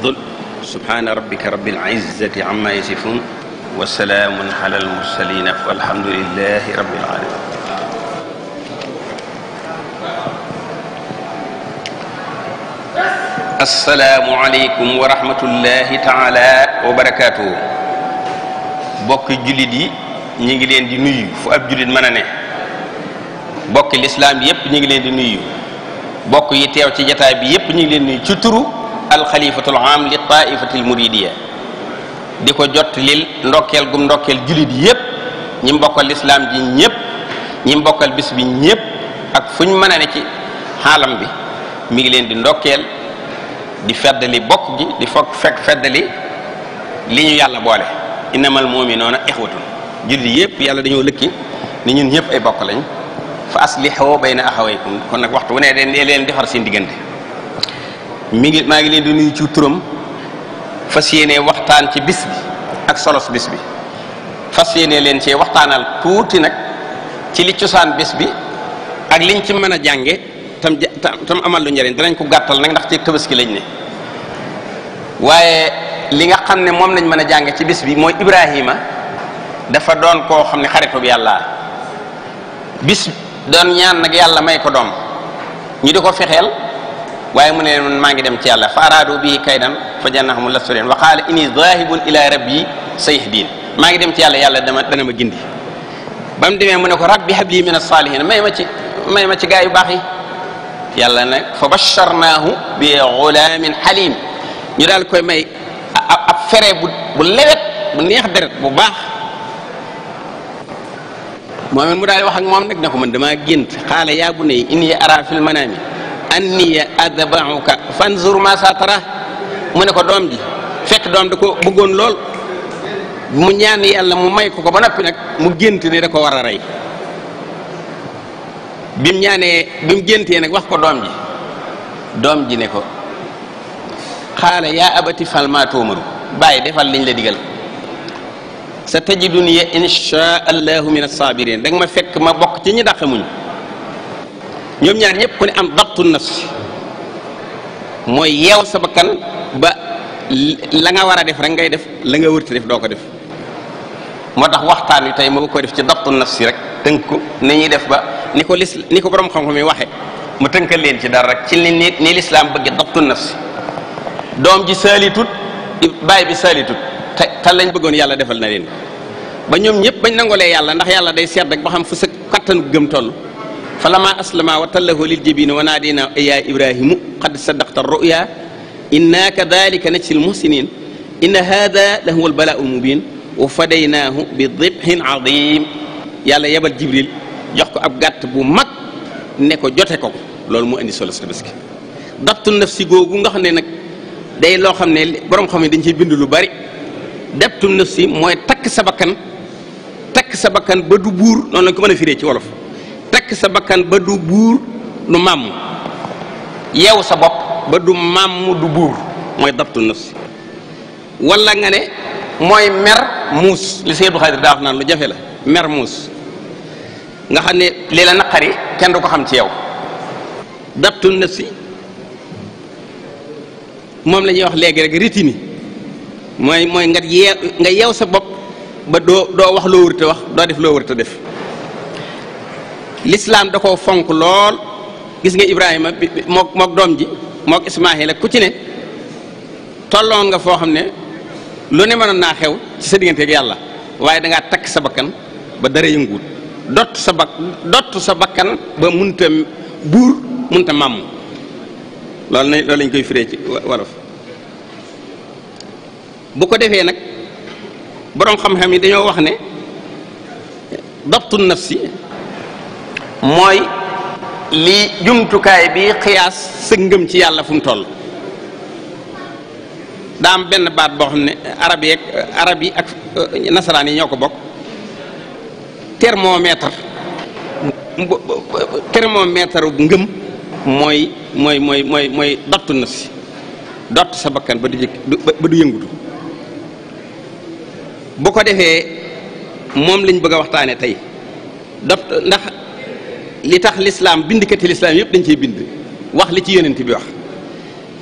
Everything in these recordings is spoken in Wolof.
dul subhaana rabbika rabbil izzati amma yasifun wa salaamun ala al mursalin walhamdulillahi rabbil alamin asalaamu aleykum wa rahmatullahi taala wa barakaatuhu bokki jullit yi ñi ngi leen di nuyu fu ab jullit mën a ne bokki lislaam yépp ñi ngi leen di nuyu bokk yi teew ci jataay bi yépp ñi ngi leen di nuyu ci turu alxalifatul am li taifatil muridiya di ko jot lil ndokkeel gum ndokkeel jullit yépp ñi mbokkal lislaam ji ñépp ñi mbokkal bis bi ñépp ak fu ñu mën a ne ci xaalam bi mi ngi leen di ndokkeel di feddali bokk gi di fokk fekk feddali li ñu yàlla boole innamal mu'minuuna ixwatun jullit yépp yàlla dañoo lëkki ni ñun ñépp ay bokk lañ fa aslihu bayna axawaykum kon nag waxtu wu ne de leen defar seen diggante mi ngi maa ngi leen di nuyu ci turam fas yéene waxtaan ci bis bi ak solos bis bi fas yéene leen cee waxtaanal tuuti nag ci li cosaan bis bi ak liñ ci mën a jànge tam tam njëriñ danañ ko gàttal nag ndax ci tabaski lañ ne waaye li nga xam ne moom lañ mën a jànge ci bis bi mooy Ibrahima dafa doon koo xam ne xaritub yàlla bis doon ñaan nag yàlla may ko doom ñu di ko fexeel waaye mu ne maa ngi dem ci yàlla fa araadu bii kaydan fa jannahum lastu leen wa qaala inni zaahibun ila rabbi sayahdiin maa ngi dem ci yàlla yàlla dama dana ma gindi ba mu demee mu ne ko rabbi habli min as-saalihiin may ma ci may ma ci gaa yu baax yi yàlla nag fa basharnaahu bi gulaamin xaliim ñu daal koy may ab fere bu bu lewet bu neex deret bu baax moom mu daal wax ak moom nag ne ko man damaa gént xaala yaa bunayya inni araa fil manaami anniya adba'uka fanzur ma satara mu ne ko doom ji fekk doom da ko bëggoon lool mu ñaan yàlla mu may ko ko ba noppi nag mu gént ne da ko war a rey bi mu ñaanee bi mu géntee nag wax ko doom ji doom ji ne ko xaala yaa abati fal maa tuumaru bàyyi defal liñ la digal sa tajiduni insha allahu min as-sabirin da ma fekk ma bokk ci ñi dàq muñ ñoom ñaar ñëpp ku ne am dabtu nafs mooy yeewal sa bakkan ba la nga war a def rek ngay def la nga wërti def doo ko def moo tax waxtaan wi tey moo ko def ci dabtu nafsi rek tënk ko ni ñuy def ba ni ko lis ni ko borom xam-xam waxe mu tënkal leen ci dara rek ci ni ni lislaam bëgge dabtu nafsi doom ji saalitut baay bi saalitut te te lañ bëggoon yàlla defal na leen ba ñoom ñëpp bañ nangolee yàlla ndax yàlla day seet rek ba xam fu sa kattan gëm toll fa lama aslama wa tallahu lil jabin wa naadina ya ibrahimu qad saddaqta ruya inna kadalika najzi al muhsinin inna hada la huwa al bala'u wa fadaynaahu bi dibhin azim yàlla yebal jibril jox ko ab gàtt bu mag ne ko jote ko loolu mu indi solo sa tabaski dabtu nafsi googu nga xam ne nag day loo xam ne borom xam ne dañ ciy bind lu bari dabtu nafsi mooy takk sa bakkan takk sa bakkan ba du buur noonu lañ ko mën a ci wolof takk sa bakkan ba du buur du màmm yeewu sa bopp ba du màmm du buur mooy dabtu nafsi wala nga ne mooy mer muus li Seydou Xaadir daa wax naan lu jafe la mer muus nga xam ne lii la naqari kenn du ko xam ci yow dabtu nafsi moom la ñuy wax léegi rek ritini mooy mooy nga yeew sa bopp ba doo doo wax loo wërte wax doo def loo wërte def lislaam da koo fonk lool gis nga ibrahima bi mook mook doom ji mook ismaahila ku ci ne tolloon nga foo xam ne lu ne mënoon naa xew ci sa diggante ak yàlla waaye dangaa takk sa bakkan ba dara yënguwut dott sa bakkan ba munta buur munta màmm loolu na loolu lañ koy firee ci wolof bu ko defee nag boroom xam-xam yi dañoo wax ne dabtu si mooy li jumtukaay bi xiyaas sa ngëm ci yàlla fu mu toll daa am benn baat boo xam ne arab yi ak euh, nasaraan yi ñoo ko bokk thermomètre thermomètre ngëm mooy mooy mooy mooy mooy na si dott sa bakkan ba du jëkk ba du yëngutu bu ko defee moom lañ bëgg a waxtaane tey dott ndax li tax lislaam bindkati lislaam yëpp dañ cee bind wax li ci yonent bi wax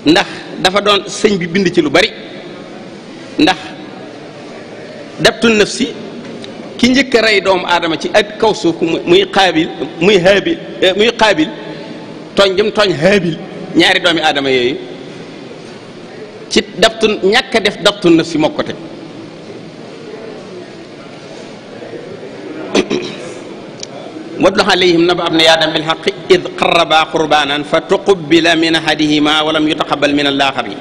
ndax dafa doon sëñ bi bind ci lu bari ndax dabtul nafsi ki njëkk a rey doomu aadama ci ak kaw suuf muy xaabil muy haabil eh, muy xaabil tooñ jëm tooñ haabil ñaari doomi aadama yooyu ci dabtu ñàkk def dabtul nafsi moo ko teg watlu alayhim naba ab na yaadam bilxaqi id qarabaa qurbaanan fa tuqubila min ahadihima walam yutaqabal min allaaxari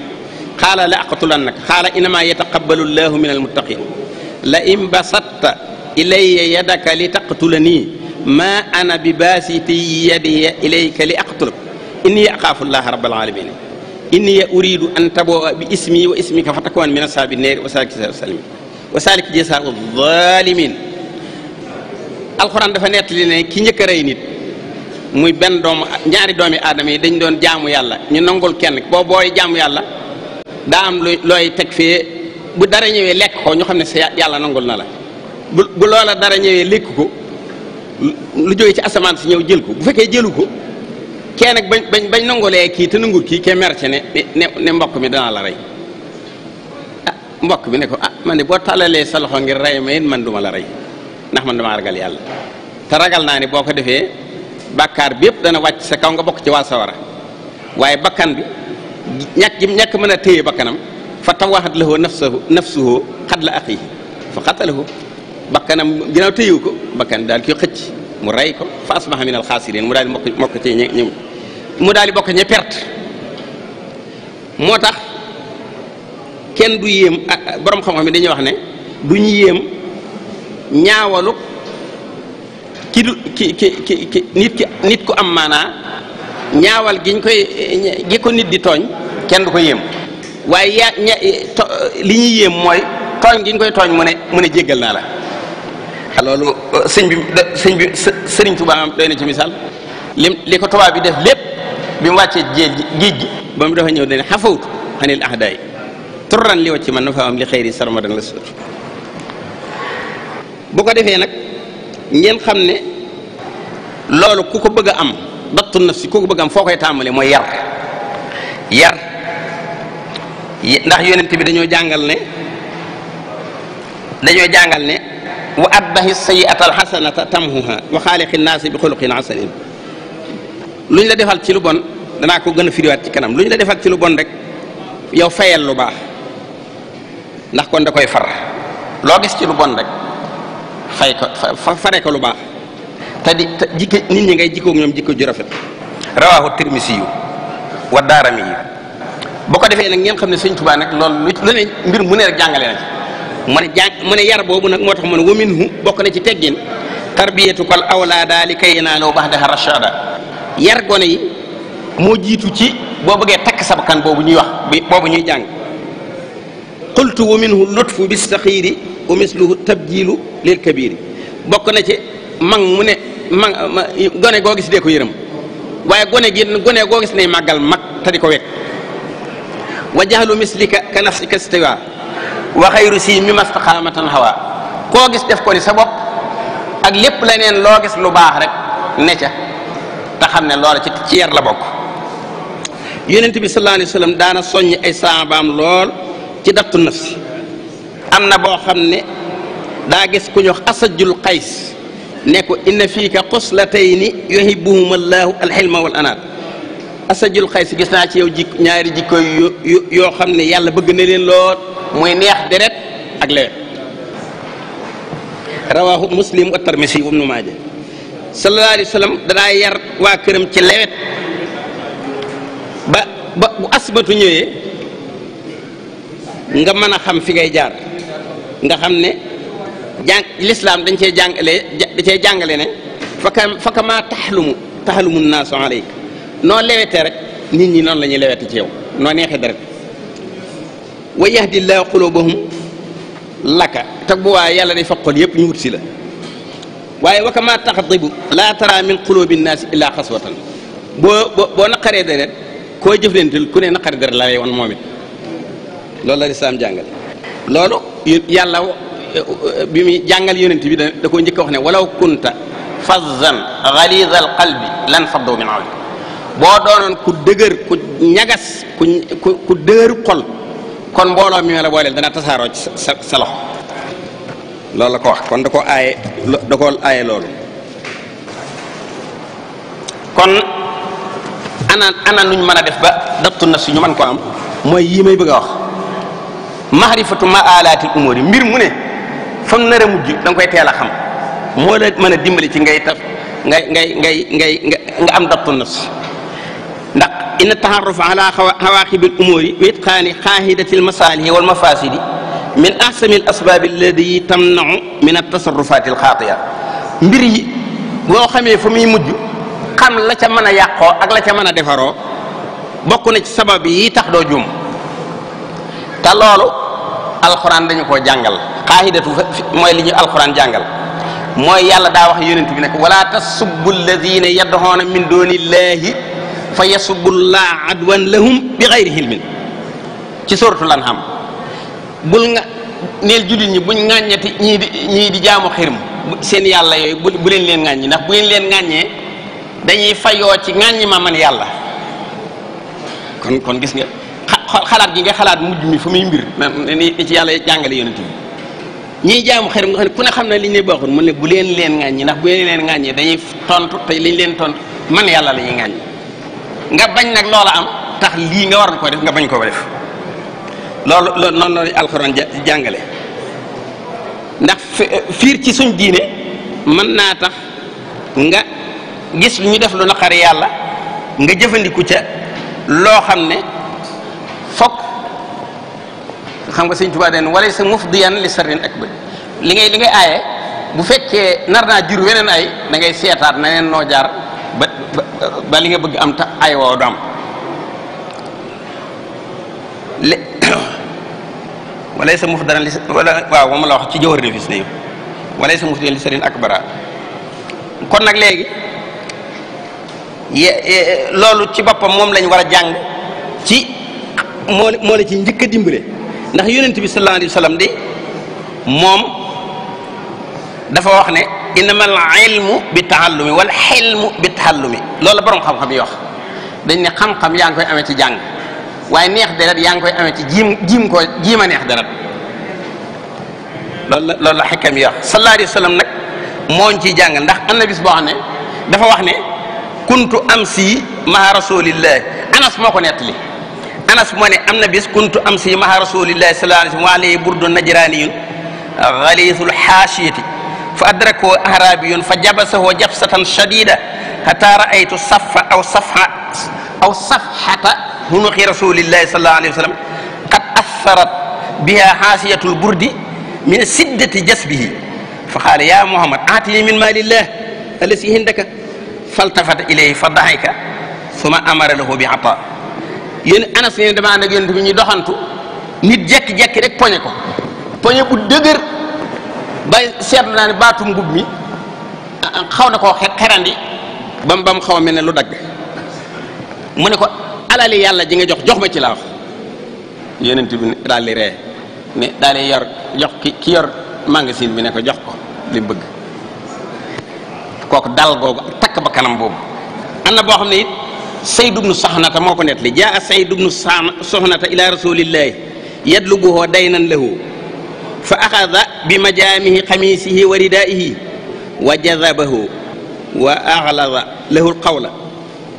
qaala la aqtulannaka qaala innama yataqabalu llaahu min almuttaqin la in basatta ilayya yadaka li taqtulanii ma ana bi baasiti yadiya ilayka li aqtulak inni axaafu llaaha rabbal aalamiin inni uridu an tabooa bi ismi wa ismika fa takuwan min asaabi neeri wa saalik jasaa zaalimiin alxuraan dafa nettali ne ki njëkk rey nit muy benn doom ñaari doomi aadama yi dañ doon jaamu yàlla ñu nangul kenn boo booy jaamu yàlla daa am lu looy teg fee bu dara ñëwee lekk ko ñu xam ne sa yàlla nangul na la bu bu loola dara ñëwee lekk ko lu jóge ci asamaan si ñëw jël ko bu fekkee jëlu ko kenn nag bañ bañ bañ nangulee kii te nangul kii kee merce ne ne mbokk mi danaa la rey ah mbokk mi ne ko ah man de boo tàllalee sa loxo ngir rey ma man duma la rey ndax man damaa ragal yàlla te ragal naa ne boo ko defee bàkkaar bi yëpp dana wàcc sa kaw nga bokk ci waa sawara waaye bakkan bi ñàkk gi mën a téye bakkanam fa tawaxat lahu nafsuhu nafsuhu xatla axiihi fa xatalahu bakkanam ginnaaw téyewu ko bakkan daal koy xëcc mu rey ko fa asbaha min alxaasiriin mu daal di mokk mokk ci ñi mu daal di bokk ñe perte moo tax kenn du yéem ah, borom xam-xam yi dañuy wax ñaawalu ki ki ki ki nit ki nit ku am maanaa ñaawal giñ koy gi nit di tooñ kenn du ko yéem waaye yaa li ñuy yéem mooy tooñ giñ koy tooñ mu ne mu ne jéggal naa la ah, loolu sëñ bi sëñ bi sëriñ Tuubaa am doy na ci misaal lim li ko tubaab bi def lépp bi mu wàccee géej gi géej gi ba mu dafa ñëw dane xafawtu xanil ahdaay turran li wacci man na fa am li xëyri sarmadan la sut bu ko defee nag ngeen xam ne loolu ku ko bëgg am dattu naf si ku ko bëgg am foo koy tàmbalee mooy yar yar ndax yonent bi dañoo jàngal ne dañoo jàngal ne wa atbahi sayiata alxasanata tamhuha wa xaaliqi naasi bi xuluqin hasanin lu ñu la defal ci lu bon danaa ko gën a firiwaat ci kanam lu ñu la defal ci lu bon rek yow fayal lu baax ndax kon da koy far loo gis ci lu bon rek fay ko fare ko lu baax te di nit ñi ngay jikkoog ñoom jikko ju rafet rawaahu tirmisi yu wa daarami yu boo ko defee nag ngeen xam ne sëñ Tuubaa nag loolu lu ne mbir mu ne rek jàngale na ci mu ne jàng mu yar boobu nag moo tax mu ne waminhu bokk na ci teggin tarbiyatu kal awlaada li kay yanaalo baxdaha rashada yar gone yi moo jiitu ci boo bëggee takk sabakan boobu ñuy wax boobu ñuy jàng lutfu bistaxiiri wa misluhu tabjiilu kabiri bokk na ci mag mu ne mag gone goo gis dee ko yërëm waaye gone gi gone goo gis ne màggal mag te di ko wekk wa jaxlu mislika ka nafsika stiwa wa xayru si mi mastaqaamatan hawa koo gis def ko ni sa bopp ak lépp leneen loo gis lu baax rek ne ca te xam ne loola ci yar la bokk yonent bi sallallahu alayhi wa sallam lool ci dabtu nafsi am na boo xam ne daa gis ku ñu asajul ne ko inna fiika xuslatayni yuhibbuhuma allahu alxilma wal anaat asajul qays gis naa ci yow jik ñaari jikko yu xam ne yàlla bëgg na leen lool muy neex deret ak lewet rawaahu muslim wa tarmisi wa ibnu maaja sallallahu alayhi wa yar waa këram ci lewet ba ba bu asbatu ñëwee nga mën a xam fi ngay jaar nga xam ne jàng lislaam dañ cee jàngale da cee jàngale ne faka fakama taxlumu taxlumu naasu aleyk noo lewete rek nit ñi noonu lañuy ñuy lewete ci yow noo neexee deret wa yahdillahu qulubahum laka te bu waaye yàlla day fab xol yëpp ñu wut si la waaye wakama taxdibu laa tara min qulubi nnaasi illaa xaswatan boo boo naqaree deret koo jëflantil ku ne naqari deret la lay woon moomit loolu la lislaam jàngale loolu yàlla bi muy jàngal yonent bi da ko njëkk wax ne walaw kunta fazzan ghaliza al qalbi lan faddu min hawlik boo doonoon ku dëgër ku ñagas ku ku dëgër xol kon mbooloo mi la booleel dana tasaaroo ci sa sa loxo la ko wax kon da ko aaye da ko aaye loolu kon ana ana nuñ mën a def ba dabtu nafsi ñu mën ko am mooy yii may wax maarifatu ma alaatil umuri mbir mu ne fam nar a mujj da koy teel a xam moo la mën a dimbali ci ngay taf ngay ngay ngay ngay nga am dabtu nafs ndax inna taaruf ala xawaaxibil umuri wa itqaani xaahidatil masaalihi wal mafaasidi min ahsami al asbaabi alladi tamnau min altasarufaati alxaatiya mbir yi boo xamee fa muy mujj xam la ca mën a yàqoo ak la ca mën a defaroo bokk na ci sabab yi tax doo juum te loolu alxuraan dañu koo jàngal xaahidatu mooy li ñu alxuraan jàngal mooy yàlla daa wax yonent bi nekk wala tasubbu alladina yad'una min dunillahi fa yasubbu llaha adwan ci suratul anham bul nga neel jullit ñi ñii di jaamu xirim seen yàlla yooyu leen leen ŋàññi ndax bu leen leen ŋàññee dañuy fayoo ci ŋàññi ma man yàlla kon gis nga xalaat gi nga xalaat mujj mi fa muy mbir ni ci yàlla jàngale yonent bi ñiy jaamu xërëm nga xam ne ku ne xam ne li ñu ne baaxul mu ne bu leen leen ŋàññi ndax bu leen leen ŋàññi tontu te liñ leen tontu man yàlla la ñuy nga bañ nag loola am tax lii nga waroon ko def nga bañ ko def loolu loolu noonu la alxuraan jàngale ndax fiir ci suñ diine mën naa tax nga gis lu ñu def lu naqari yàlla nga jëfandiku ca loo xam ne fokk xam nga sëñ Tuubaa den wala sa mufdiyan li sarrin akbar li ngay li ngay aaye bu fekkee nar naa jur weneen ay dangay seetaat na neen noo jaar ba ba li nga bëgg am ta ay woo du am wala sa muf dana li wala la wax ci jawar nefis ne wala sa muf dana li sarin akbara kon nag léegi loolu ci boppam moom lañ war a jàng ci moo moo la ci njëkk a dimbale ndax yonent bi sallallahu alayhi wa di moom dafa wax ne innamal ilmu bi taallumi wal xilmu bi taallumi loolu la borom xam-xam yi wax dañ ne xam-xam yaa ngi koy amee ci jàng waaye neex deret yaa ngi koy amee ci jiim jiim koo jiim a neex deret loolu la loolu la xekkam yi wax sallallahu nag mooñ ciy jàng ndax am na boo xam ne dafa wax ne kuntu am si maa rasulillahi anas moo ko nettali anas moo ne am na bis kuntu am si maha rasulillahi sallallahu alayhi wa alayhi burdu najraniyun xaliisul xaashiyati fa adrakoo arabiyun fa jabasahoo jabsatan shadida hatta raaytu safa aw safha aw safhata hunuqi rasulillahi sallallahu alayhi wa sallam qad assarat biha xaasiyatul burdi min siddati jasbihi fa qaala ya muhammad aatini min maalillah allasi hindaka faltafata ilayhi fa daxika suma amara lahu bi ataa yéen ana su ngeen demande ak yonent bi doxantu nit jekki-jekki rek poñe ko poñe bu dëgër bay seetlu naa ne baatum ngub mi a xaw na koo xerandi bam bam xaw a mel ne lu dagg mu ne ko alali yàlla ji nga jox jox ma ci laa wax yonent bi daal di ree ne daal di yor jox ki ki yor magasin bi ne ko jox ko li bëgg kooku dal googu takk ba kanam boobu am na boo xam ne it sayd ubnu soxnata moo ko nettali jaa sayd ubnu soxnata ila rasulillahi yadlubuhu daynan lahu fa axada bi majaamihi xamiisihi wa ridaihi wa jazabahu wa axlada lahu alqawla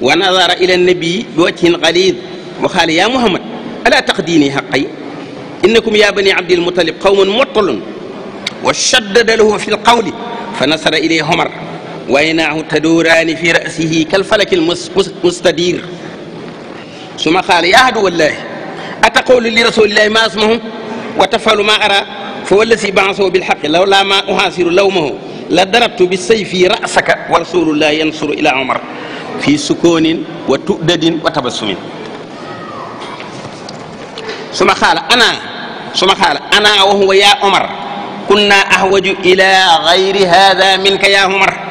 wa nadara ila annabii bi wajhin galid wa xaala ya muhammad ala taqdini xaqay innakum ya bani abdilmutalib qawmun mottalun wa shaddada lahu fi lqawli fa nasara ilay homar waynaahu taduraani fi rasihi kalfalaki lmustadir suma qaala yaa aduwallaahi ataqulu li rasulillahi ma asmahu wa tafalu ma ara fa wallazi baasahu bilxaqi law laa ma uhaasiru lawmahu la darabtu bi sayfi rasaka wa rasulullahi yansuru ila omar fi sukoonin wa tudadin wa tabassumin suma qaala ana suma qaala ana wa huwa ya omar kunna ahwaju ila gayri hada minka ya omar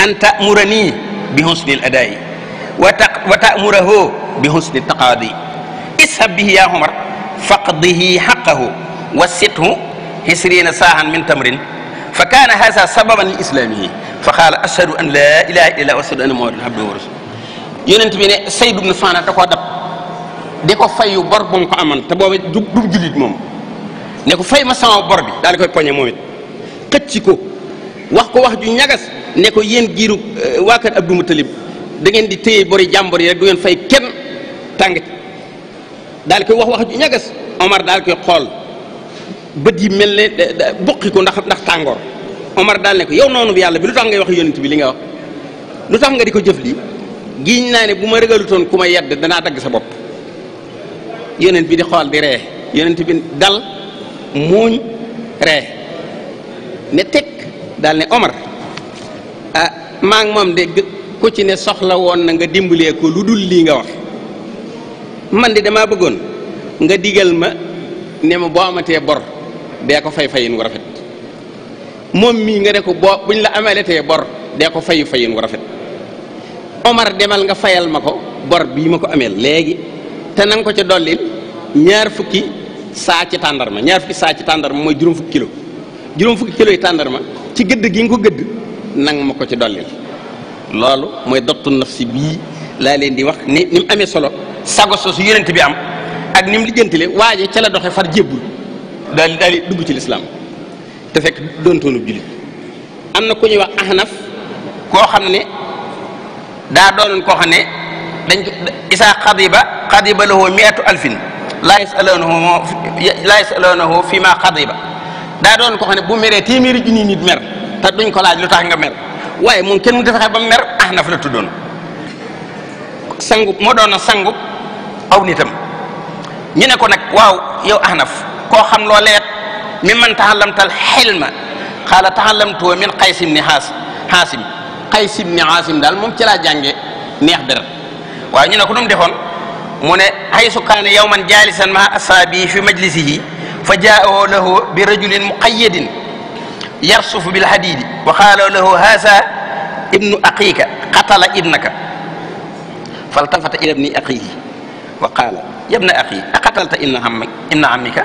an tamuranii bi husni l adaayi wa ta wa tamurahu bi husni taqaadi ishab bihi ya Umar faqdihi haqqahu wa sithu hisriina saahan min tamrin fa kaana haza sababan li islaamihi fa qaala ashhadu an laa ilaaha illallaah wa ashhadu anna muhammadan abduhu wa rasuluh yonent bi ne Sayd ibn Fana da koo dab di ko fayu bor bu mu ko amoon te boobu du du jullit moom ne ko fay ma sama bor bi daal di koy poñe moom it xëcc ko wax ko wax ju ñagas ne ko yéen giiru euh, waa kër Abdou Moutalib da ngeen di téye bori jàmbor yi rek du ngeen fay kenn tàng daal koy wax wax ju ñagas Omar daal koy xool bët yi mel ne buqi ko ndax ndax tàngoor Omar daal ne ko yow noonu bi yàlla bi lu tax ngay wax yonent bi li nga wax lu tax nga di ko jëf lii giiñ naa ne bu ma ragalutoon ku ma yedd danaa dagg sa bopp yonent bi di xool di ree yonent bi dal muuñ ree ne teg daal ne Omar ah maa ngi moom de ku ci ne soxla woon na nga dimbalee ko lu dul lii nga wax man de damaa bëggoon nga digal ma ne ma boo amatee bor dee ko fay fayin wu rafet moom mii nga ne ko boo buñ la amaletee bor dee ko fayu fayin wu rafet Omar demal nga fayal ma ko bor bii ma ko ameel léegi te na ko ca dollil ñaar fukki saa ci tàndarma ñaar fukki saa ci tàndarma mooy juróom fukki kilo juróom fukki kilo yi tàndarma ci gëdd gi nga ko gëdd nang ma ko ci dollil loolu mooy dottu si bii laa leen di wax ni ni mu amee solo sago su yonent bi am ak ni mu lijjantile waaye ca la doxe far jébbul daal daal di dugg ci lislaam te fekk doontoonub jullit am na ku ñuy wax ahnaf koo xam ne daa doonoon koo xam ne dañ isaa xadiba xadiba lahu miatu alfin laa yasalunahu laa yasalunahu fi ma xadiba daa doonoon koo xam ne bu meree téeméeri junni nit mer te duñ ko laaj lu tax nga mer waaye moom kenn mu defaxe ba mer Ahnaf la tuddoon sangu moo doon sangu aw nitam ñu ne ko nag waaw yow Ahnaf koo xam loo leet mi man taxalamtal xilma xaala taxalamtuwa min Qays ibn Xaasim Qays ibn Xaasim daal moom ci laa jànge neex dara waaye ñu ne ko nu mu defoon mu ne haysu kaana yawman jaalisan maa asaabi fi majlisihi fa jaaoo lahu bi rajulin muqayyadin yarsufu bil hadiidi wa qaaloo lahu haasa ibnu aqiika qatala ibnaka faltafata ila ibni aqiihi wa qaala yabna aqi aqatalta inna ammi inna ammika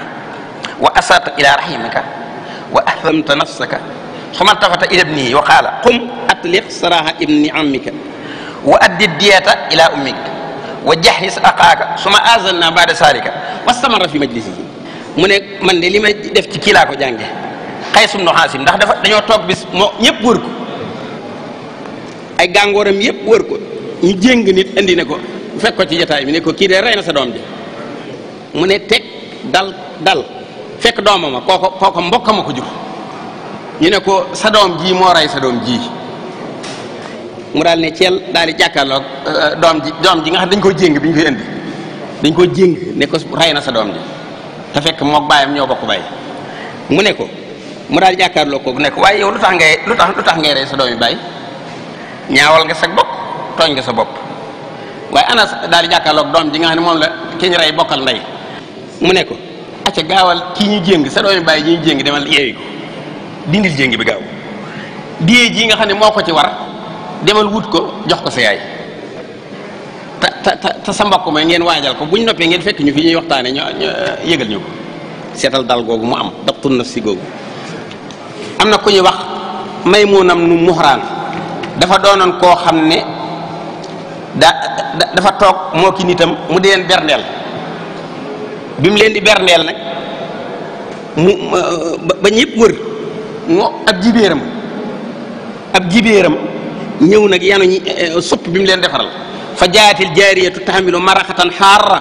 wa asata ila rahimika wa ahramta nafsaka summa iltafata ila ibnihi wa qaala qum atliq saraha ibni ammika wa addi diyata ila ummika wa jahis aqaaka summa azanna baada saalika wastamara fi majlisihi mu ne man de li ma def ci kii laa ko jànge xaysum nu xaasim ndax dafa dañoo toog bis moo ñëpp wër ko ay gàngooram yëpp wër ko ñu jéng nit andi ne ko fekk ko ci jataay bi ne ko kii de rey na sa doom ji mu ne teg dal dal fekk doomama kooko kooko mbokkama ko ñu ne ko sa doom ji moo rey ji mu daal ne ceel daal di jàkkaarloog euh, doom ji doom ji nga xam dañ ko jéng bi ñu koy dañ ko jéng ne ko rey na sa doom ji te fekk mook baayam ñoo bokk bay mu ne ko mu daal jàkkaarloo kooku nekk waaye yow lu tax ngay lu tax lu tax ngay rey sa doomi baay ñaawal nga sa bopp tooñ nga sa bopp waaye ana daal di jàkkaarloog doom ji nga xam ne moom la ki ñu bokkal ndey mu ne ko acca gaawal kii jéng sa doomi baay ñuy jéng demal yeewi ko jéng bi gaaw diyee ji nga xam ne moo ko ci war demal wut ko jox ko sa yaay te ta te sa mbokk mooy ngeen waajal ko bu ñu noppee ngeen fekk ñu fi ñuy waxtaane ñu yëgal ñu ko seetal dal googu mu am dabtun nafsi googu am na ku ñuy wax maymunam nu muhraan dafa doonoon koo xam ne da dafa toog moo ki nitam mu di leen berndeel bi leen di berndeel nag mu ba ñëpp wër moo ab jibéeram ab jibéeram ñëw nag yanu ñi eh, eh, supp bi mu leen defaral fa jaatil jaariyatu tahmilu maraqatan xaarra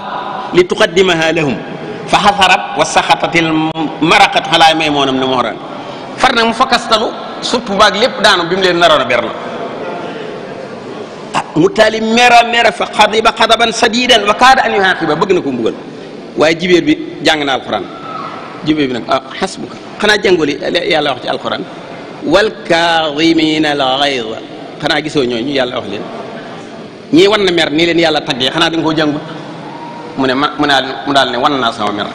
li tuqaddimaha lahum fa xasarat wa saxatatil maraqatu ala maymunam nu muhraan far nag mu fakkastalu supp baag lépp daanu bi mu leen naroon a ah, mu taali mera mera fa xadiba xadaban sadidan wa kaada an yuhaqiba bëgg na ko mbugal waaye jibéer bi jàng na alquran jibéer bi nag a ah, xasbuka xanaa jàngoli yàlla wax ci alquran wal kaadimina al gisoo ñooñu yàlla wax leen ñii wan na mer nii leen yàlla taggee xanaa da nga mu ne ma mu daal mu daal ne wan naa mer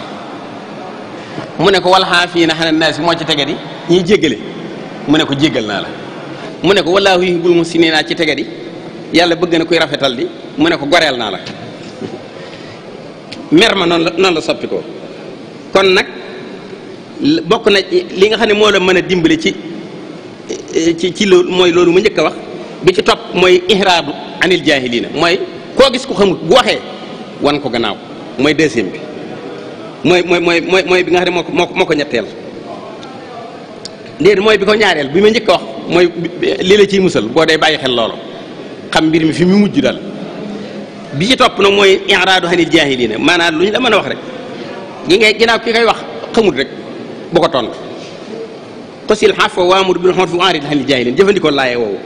mu ne ko wal xaafiina ne naa si moo ci tege di ñiy jéggale mu ne ko jéggal naa la mu ne ko si yuhibbul muhsiniina ci tege di yàlla bëgg na koy rafetal di mu ne ko goreel naa la mer ma noonu la noonu la soppi kon nag bokk na li nga xam ne moo la mën a dimbali ci ci ci loolu mooy loolu mu njëkk a wax bi ci topp mooy ihraadu anil jaahiliina mooy koo gis ko xamut bu waxee wan ko gannaaw mooy deuxième bi mooy mooy mooy mooy mooy bi nga xam moo ko moo ko ko ñetteel déedéet mooy bi ko ñaareel bi ma njëkk a wax mooy lii la ciy musal boo dee bàyyi xel loolu xam mbir mi fi mu mujj daal bi ci topp na mooy i'raadu anil jaahiliina maanaam lu ñu la mën a wax rek gi ngay ginnaaw ki kay wax xamut rek bu ko tontu xosil xafwa waamur bil urfi wa'rid anil jaahiliin jëfandikoo laaye woowu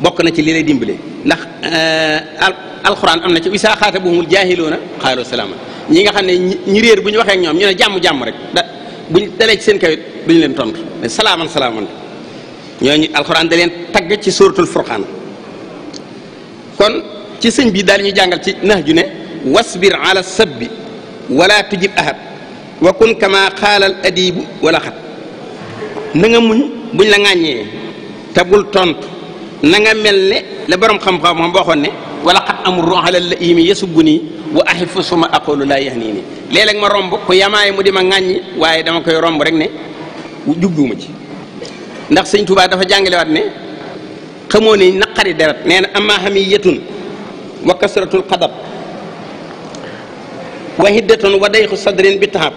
bokk na ci li lay dimbale ndax euh, al alxuraan am na ci isaa xaatabuhumul jaahiluuna qaaluu salaaman ñi nga xam ne ñi réer bu ñu waxee ñoom ñu ne jàmm-jàmm rek da buñ dalee ci seen kawit duñu leen tontu ne salaaman salaaman ñooñu alxuraan da leen tagg ci suratul furqaan kon ci sëñ bi daal ñu jàngal ci nax ju ne wasbir ala sabbi wala tujib ahad wa kun kama qaala al adibu wala xat na nga buñ la ŋàññee te bul tontu na nga mel ne la borom xam-xam moom waxoon ne wala xat amul roxalal la imi yasubbu nii wa axifu suma aqulu laa yax ma romb ku yamaay mu di ma ŋàññi waaye dama koy romb rek ne jubluwuma ci ndax sëñ Tuubaa dafa jàngalewaat ne xamoo ni naqari deret nee na amma hamiyatun wa kasratul xadab wa hiddatun wa dayxu sadrin bi tahab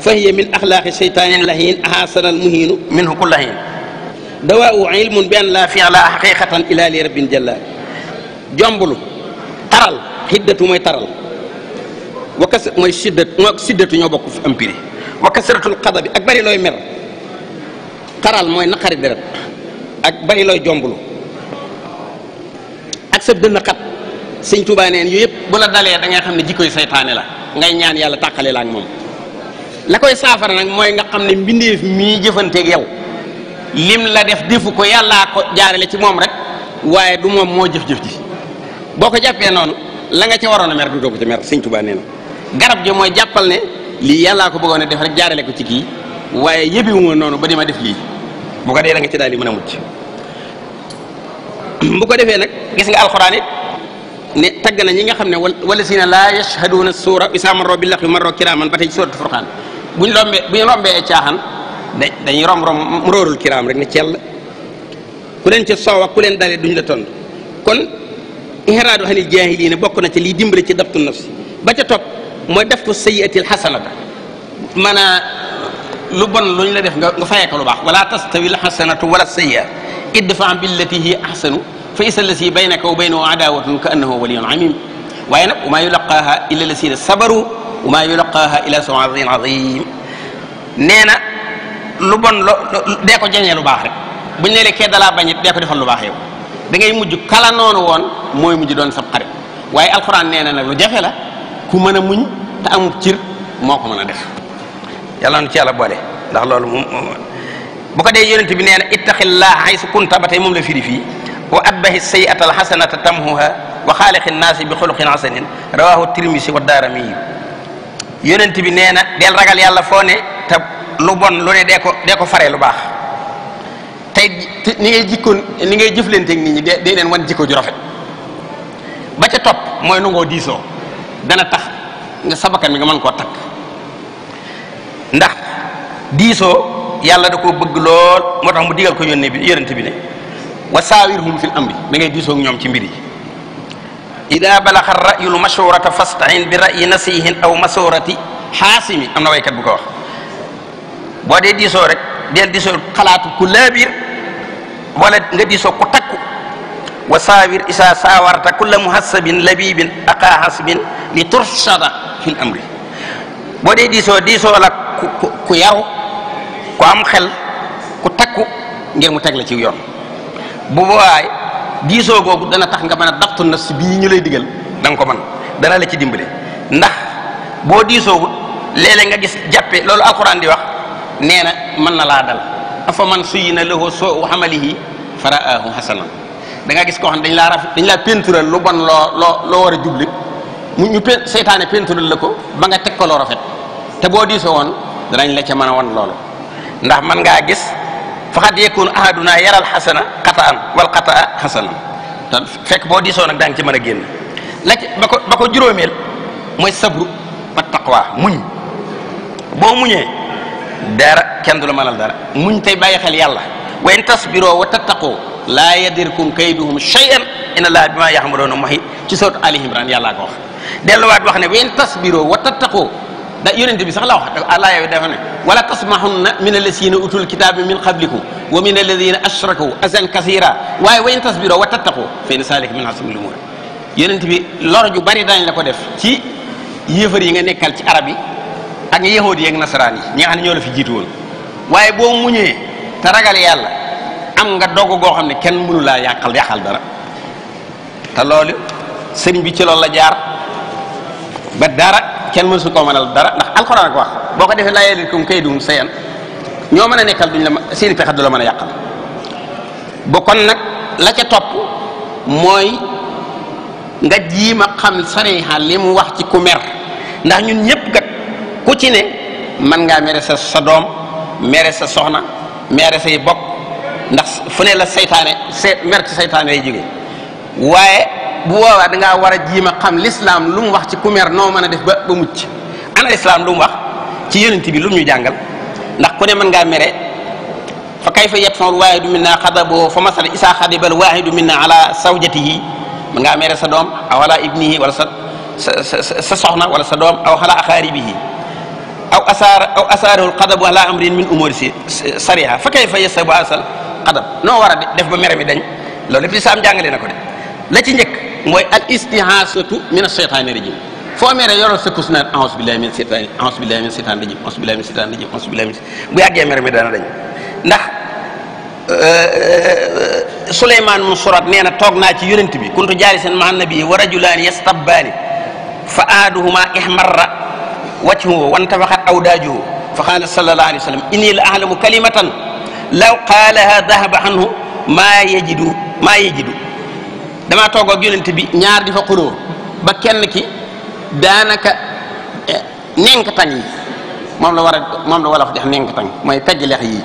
fa hiya min axlaaqi seytaanin lahiin ahaasanal muhiinu minhu kullahiin dawaahu ilmun bi an laa fi'la xaqiqatan rabbin jalla jombulu taral xiddatu mooy taral wa kas mooy siddat siddatu ñoo bokk fi am piri wa kasratul xadabi ak bari looy mer taral mooy naqari deret ak bari looy jombulu ak sa dënn xat sëñ Tuubaa neen yëpp bu la dalee da xam ne jikkoy seytaane la ngay ñaan yàlla tàqale laa ak moom la koy saafara nag mooy nga xam ne mbindeef mii jëfanteeg yow lim la def defu ko yàlla ko jaarale ci moom rek waaye du moom moo jëf-jëf ji boo ko jàppee noonu la nga ca waroon a mer dutoo ko ca mer sëñ Tuubaa nee na garab gi mooy jàppal ne lii yàllaa ko bëggoon a def rek jaarale ko ci kii waaye yëbi wu noonu ba di ma def lii bu ko dee da nga ci daal di mën a mucc ko defee nag gis nga alxuraan it ne tagg na ñi nga xam ne wala sina laa yashhaduuna suura isaa marro bi lax yu marro kiraaman ba tey suuratu furqaan bu rombee buñ rombee caaxaan da dañuy rom rom mu róorul kiraam rek ne cell ku leen ca soow ak ku leen dalee duñ la tond ihraadu anil jaahiliina bokk na ci liy dimbale ci dabtu nafsi ba ca topp mooy def ko sayyiatil xasanata maanaa lu bon lu ñu la def nga nga fayee ko lu baax wala tastawi l xasanatu wala sayyi'a idfa billati hiya ahsanu fa isa allati baynaka wa baynahu adaawatun ka annahu waliyyun hamim waaye nag wa maa yulaqaaha illa allazina sabaru wa maa yulaqaaha illa zu azin azim nee na lu bon lo dee ko jañee lu baax rek buñ ne lee kee dalaa bañit dee ko defal lu baax yow da ngay mujj kala noonu woon mooy mujj doon sab xarit waaye alxuraan nee na nag lu jafe la ku mën a muñ te am cir moo ko mën a def yàlla na ci yàlla boole ndax loolu moom bu ko dee yonent bi nee na ittaqillaa haysu kunta ba tey moom la firi fii wa atbahi sayyi'ata alhasanata tamhuha wa xaaliqi nnaasi bi xuluqin hasanin rawahu tirmisi wa daaramiyu yonent bi nee na del ragal yàlla foo ne te lu bon lu ne dee ko dee ko fare lu baax ni ngay jikkoon ni ngay jëflanteeg nit ñi de dee leen wan jikko ju rafet ba ca topp mooy nangoo diisoo dana tax nga sabakan bi nga mën koo takk ndax diisoo yàlla da koo bëgg lool moo tax mu digal ko yónnee bi yërante bi ne wa saawirhum fil amri da ngay diisoo ñoom ci mbir yi ida balaxa rayu l mashurata fastain bi rayi nasihin aw masurati xaasimi am na waykat bu ko wax boo dee diisoo rek deel diisoo ku laabiir wala nga diisoo ku takku wa saawir isa saawarta kulla muhassabin labibin aqa hasbin li turshada fil amri boo dee diisoo diisoo la ku ku yaru ku am xel ku takku ngeen mu teg la ci yoon bu boobaay diisoo googu dana tax nga mën a daftu nafs bii ñu lay digal da nga ko mën dana la ci dimbale ndax boo diisoowut léeg-léeg nga gis jàppe loolu alquran di wax nee na mën na laa dal afa man suyyina lahu suu amalihi fa raahu hasanan da nga gis ko xam dañ laa rafet dañ laa péntural lu bon loo loo loo war a jubli mu ñu pe seytaane péntural la ko ba nga teg ko loo rafet te boo diisoo woon danañ la ca mën a wan loolu ndax man ngaa gis faxat yekun ahaduna yaral xasana qataan wal xataa xasanan te fekk boo diisoo nag daa nga ci mën a génn la ba ko ba ko juróomeel mooy sabru wa taqwa muñ boo muñee dara kenn du la dara mu tey bàyyi xel yàlla wa in tasbiroo wa tattaqoo la yadirkum kayduhum shay'an inna allaha bima yaxmaluuna muhit ci sot ali imran yàllaa ko wax delluwaat wax ne wa in tasbiroo wa tattaqoo da yonente bi sax la wax àllaa yow dafa ne wala tasmahunna min alladina utul kitaabi min qablikum wa min alladina ashraku azan kasira waaye wa in tasbiroo wa tattaqoo fa inna zalika min azmi l-umuur yonente bi lor ju bari daañ la ko def ci yéefar yi nga nekkal ci arab yi ak yahood yi ak nasaraan yi ñi ñoo la fi jiitu woon waaye boo muñee te ragal yàlla am nga dogg goo xam ne kenn mënula laa yàqal yàqal dara te loolu sëriñ bi ci loolu la jaar ba dara kenn mënu su ko dara ndax alxuraan ak wax boo ko defee laa yalikum kaydum sayan ñoo mën a nekkal duñ la seeni pexe du la mën a yàqal ba kon nag la ca topp mooy nga jiima xam sariha li mu wax ci ku mer ndax ñun ñëpp kat ku ci ne mën ngaa mere sa sa doom mere sa soxna mere say bokk ndax fu ne la seytaane se mer ci saytaane lay jóge waaye bu boobaa dangaa war a jiima xam lislaam lu mu wax ci ku mer noo mën a def ba ba mucc ana lislaam lu wax ci yonent bi lu mu ñu jàngal ndax ku ne mën ngaa mere fa kayfa yatfa'u al-waahidu minna ghadabahu fa masalan isaa ghadiba al-waahidu minna ala zawjatihi mën nga mere sa doom aw ala ibnihi wala sa soxna wala sa doom aw ala aqaribihi aw asaar aw asaarul xadab ala amrin min umuri si sariha fa kay fa yesa bu asal xadab noo war a def ba mere mi dañ loolu lépp lislaam jàngale na ko de la ci njëkk mooy al istihaasatu min asheytaani rajim foo mere yoral sa kus naan aouzu billahi min seytaani aouzu billahi min seytaani rajim aouzu billahi min seytaani rajim aouzu billahi min bu yàggee mere mi dana dañ ndax euh, Suleymaan mu surat nee na toog naa ci yonent bi kuntu jaalisan ma nabi wa rajulaani yastabbaani fa aaduhuma ihmarra wajhuhu wantafaxat awdaajuhu fa qaala sallallahu alayhi wa sallam inni la ahlamu kalimatan law qaalaha dahaba anhu maa yajidu maa yajidu damaa toog ak yonent bi ñaar di fa xuloo ba kenn ki daanaka e, nenk tang yi moom la war a moom la wolof di wax nenk tang mooy pegg yi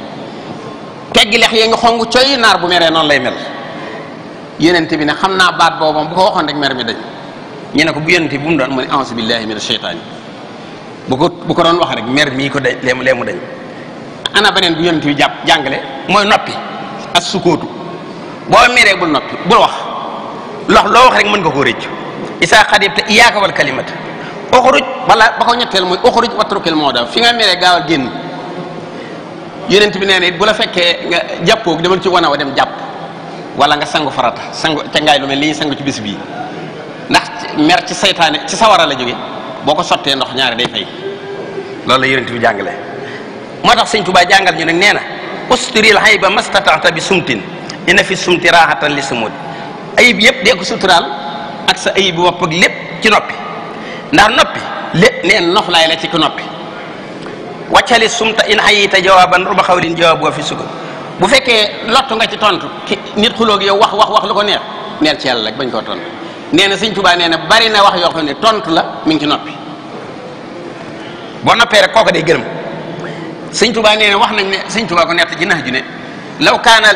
pegg lex yi nga xongu coy naar bu meree noonu lay mel yonent bi ne xam naa baat boobu bu ko waxoon rek mer mi dañ ñu ko bu yonent bi bu mu doon mu ne auzu billahi mina bu ko bu ko doon wax rek mer mii ko dañ leemu mu dañ ana beneen bu yonent bi jàpp jàngale mooy noppi as sukootu boo meree bul noppi bul wax lox loo wax rek mën ko koo rëcc isaa xadib te iyaaka wal kalimat uxruj wala ba ko ñetteel mooy uxruj watrukil mooda fi nga meree gaawal génn yonent bi nee na it bu la fekkee nga jàppoog demal ci wana wa dem jàpp wala nga sangu farata sangu ca ngaay lu mel li ñuy sangu ci bis ndax mer ci saytaane ci sawara boo ko sottee ndox ñaari day fay loolu la yonent bi jàngale moo tax sëñ Tuubaa jàngal ñu nag nee na usturil ba mastataata bi sumtin ina fi sumti raahatan li sumud ayib yëpp dee ko suturaal sa ayib bopp lépp ci noppi ndax noppi lépp neen noflaay la ci ki noppi waccali sumta in hayita jawaaban ruba xawlin jawaab wa fi sukut bu fekkee lottu nga ci tontu ki nit xulóogi yow wax wax wax lu ko neex neel ci yàlla lag bañ koo tontu nee na sëñ Tuubaa nee na bari na wax yoo xam ne tontu la mi ngi ci noppi boo noppee rek kooka day gërëm sëñ Tuubaa nee wax nañ ne sëñ Tuubaa ko nett ci nax ju ne law kaana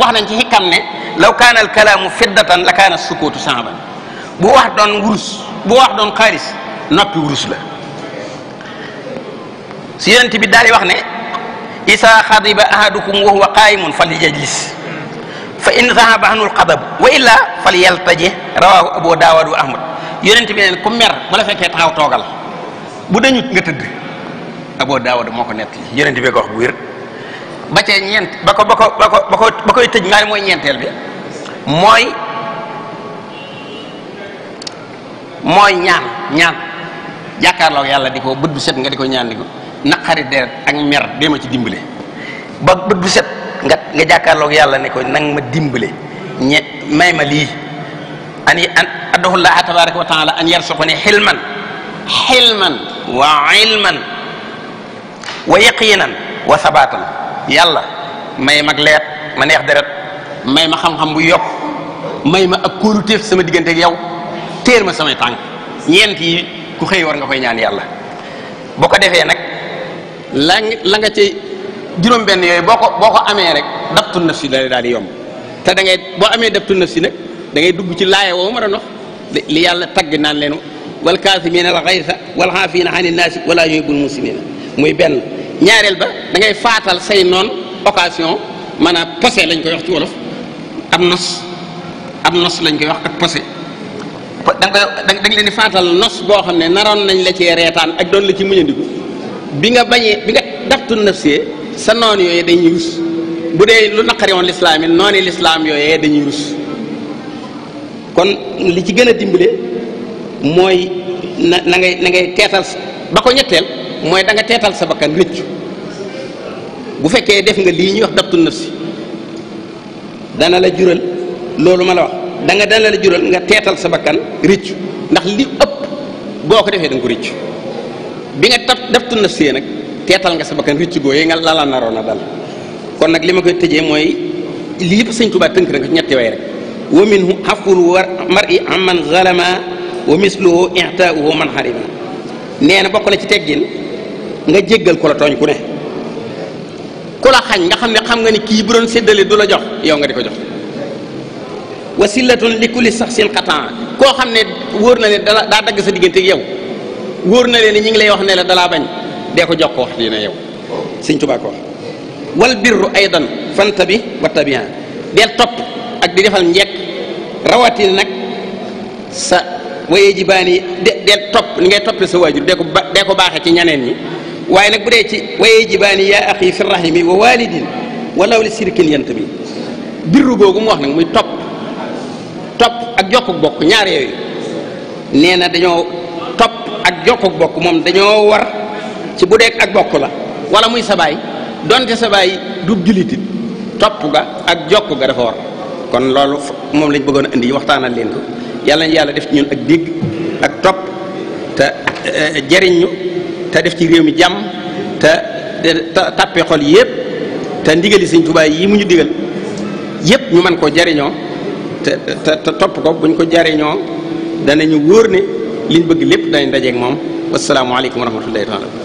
wax nañ ci xikam ne law kaana al kalaamu fiddatan la kaana sukuutu saaban bu wax doon wurus bu wax doon xaalis noppi wurus la si yonent bi daal di wax ne isaa xadiba ahadukum wa huwa qaayimun falyajlis fa in zahaba anul xadab wa illa fal yaltaji rawahu abu daawud wa ahmad yonent bi neen ku mer bu la fekkee taxaw toogal bu dañut nga tëdd abu daawud moo ko nettali yonent bi ko wax bu ba cee ñeent ba ko ba ko ba ko ba ko ba mooy ñeenteel bi mooy mooy ñaan ñaan yàlla di ko bët bu nga di ko ñaan di ko naqari deret ak mer dema ci dimbale ba bët bu set nga nga jàkkaarloog yàlla ne ko nang ma dimbale ñe may ma lii an an adduhullaaha tabaaraka wa taala an yarsuqani xilman xilman wa ilman wa yaqinan wa sabaatan yàlla may mag leet ma neex deret may ma xam-xam bu yokk may ma ak kóoluteef sama diggante ak yow téer ma samay tànk ñeent yi ku xëy war nga koy ñaan yàlla boo ko defee nag la la juróom-benn yooyu boo ko boo ko amee rek dabtu naf si daal di yomb te dangay boo amee dabtu naf si nag da dugg ci laaya woo ma doon li yàlla tagg naan leen wal kaasimiina al xaysa wal xaafiina ani naasi wala yuhibbul muslimiina muy benn ñaareel ba dangay faatal say noon occasion maanaam pose lañ koy wax ci wolof ab nos ab nos lañ koy wax ak posé da nga da nga leen di faatal nos boo xam ne naroon nañ la cee reetaan ak doon la ci muñandiku bi nga bañee bi nga dabtu sa noon yooyee dañuy rus bu dee lu naqari woon lislaam yi nooni lislaam yooyee dañuy rus kon li ci gën a dimbale mooy na na ngay ngay teetal ba ko ñetteel mooy da teetal sa bakkan rëccu bu fekkee def nga lii ñuy wax dabtu nafsi dana la jural loolu ma la wax danga nga dana la jural nga teetal sa bakkan rëccu ndax li ëpp boo ko defee da nga ko rëccu bi nga tab dabtu nafsi nag teetal nga sa bakkan rëcc gooyee nga lala naroon a dal kon nag li ma koy tëjee mooy lii yëpp sëñ Tuubaa tënk na ko ci ñetti way rek wa minhu xaful war mar i amman zalama wa misluhu i'taa'uhu man harima nee na bokk na ci teggin nga jéggal ku la tooñ ku ne ku xañ nga xam ne xam nga ni kii bu doon séddalee du la jox yow nga di ko jox wasilatun li kulli sax seen xataan koo xam ne wóor na ne daa dagg sa diggante ak yow wóor na leen ni ñu ngi lay wax ne la dalaa bañ dee ko jox wax dina yow sëñ Tuubaa ko wax wal birru aydan fanta bi wa tabian deel topp ak di defal njekk rawatil nag sa waye ji de deel topp li ngay toppee sa waajur dee ko dee ko baaxee ci ñaneen ñi waaye nag bu dee ci waye ji baan yi yaa axi fi rahimi wa walidin walaw li sirkin yant bi birru googu mu wax nag muy topp topp ak jokkuk bokk ñaar yooyu nee na dañoo topp ak jokkuk bokk moom dañoo war ci bu dee ak bokk la wala muy sa baay donte sabaay baay du jullitit topp ga ak jokk ga dafa war kon loolu moom lañ bëggoon a indi waxtaanal leen ko yàlla yàlla def ci ñun ak digg ak topp te eh, jariñ ñu te def ci réew mi jàmm te tàppe xol yépp te ndigali Sëñ Tuubaa yi mu ñu digal yépp ñu mën koo jariñoo te te topp ko buñ ko jariñoo danañu wóor ne liñ bëgg lépp danañ dajeeg moom wasalaamualeykum wa rahmatullahi taala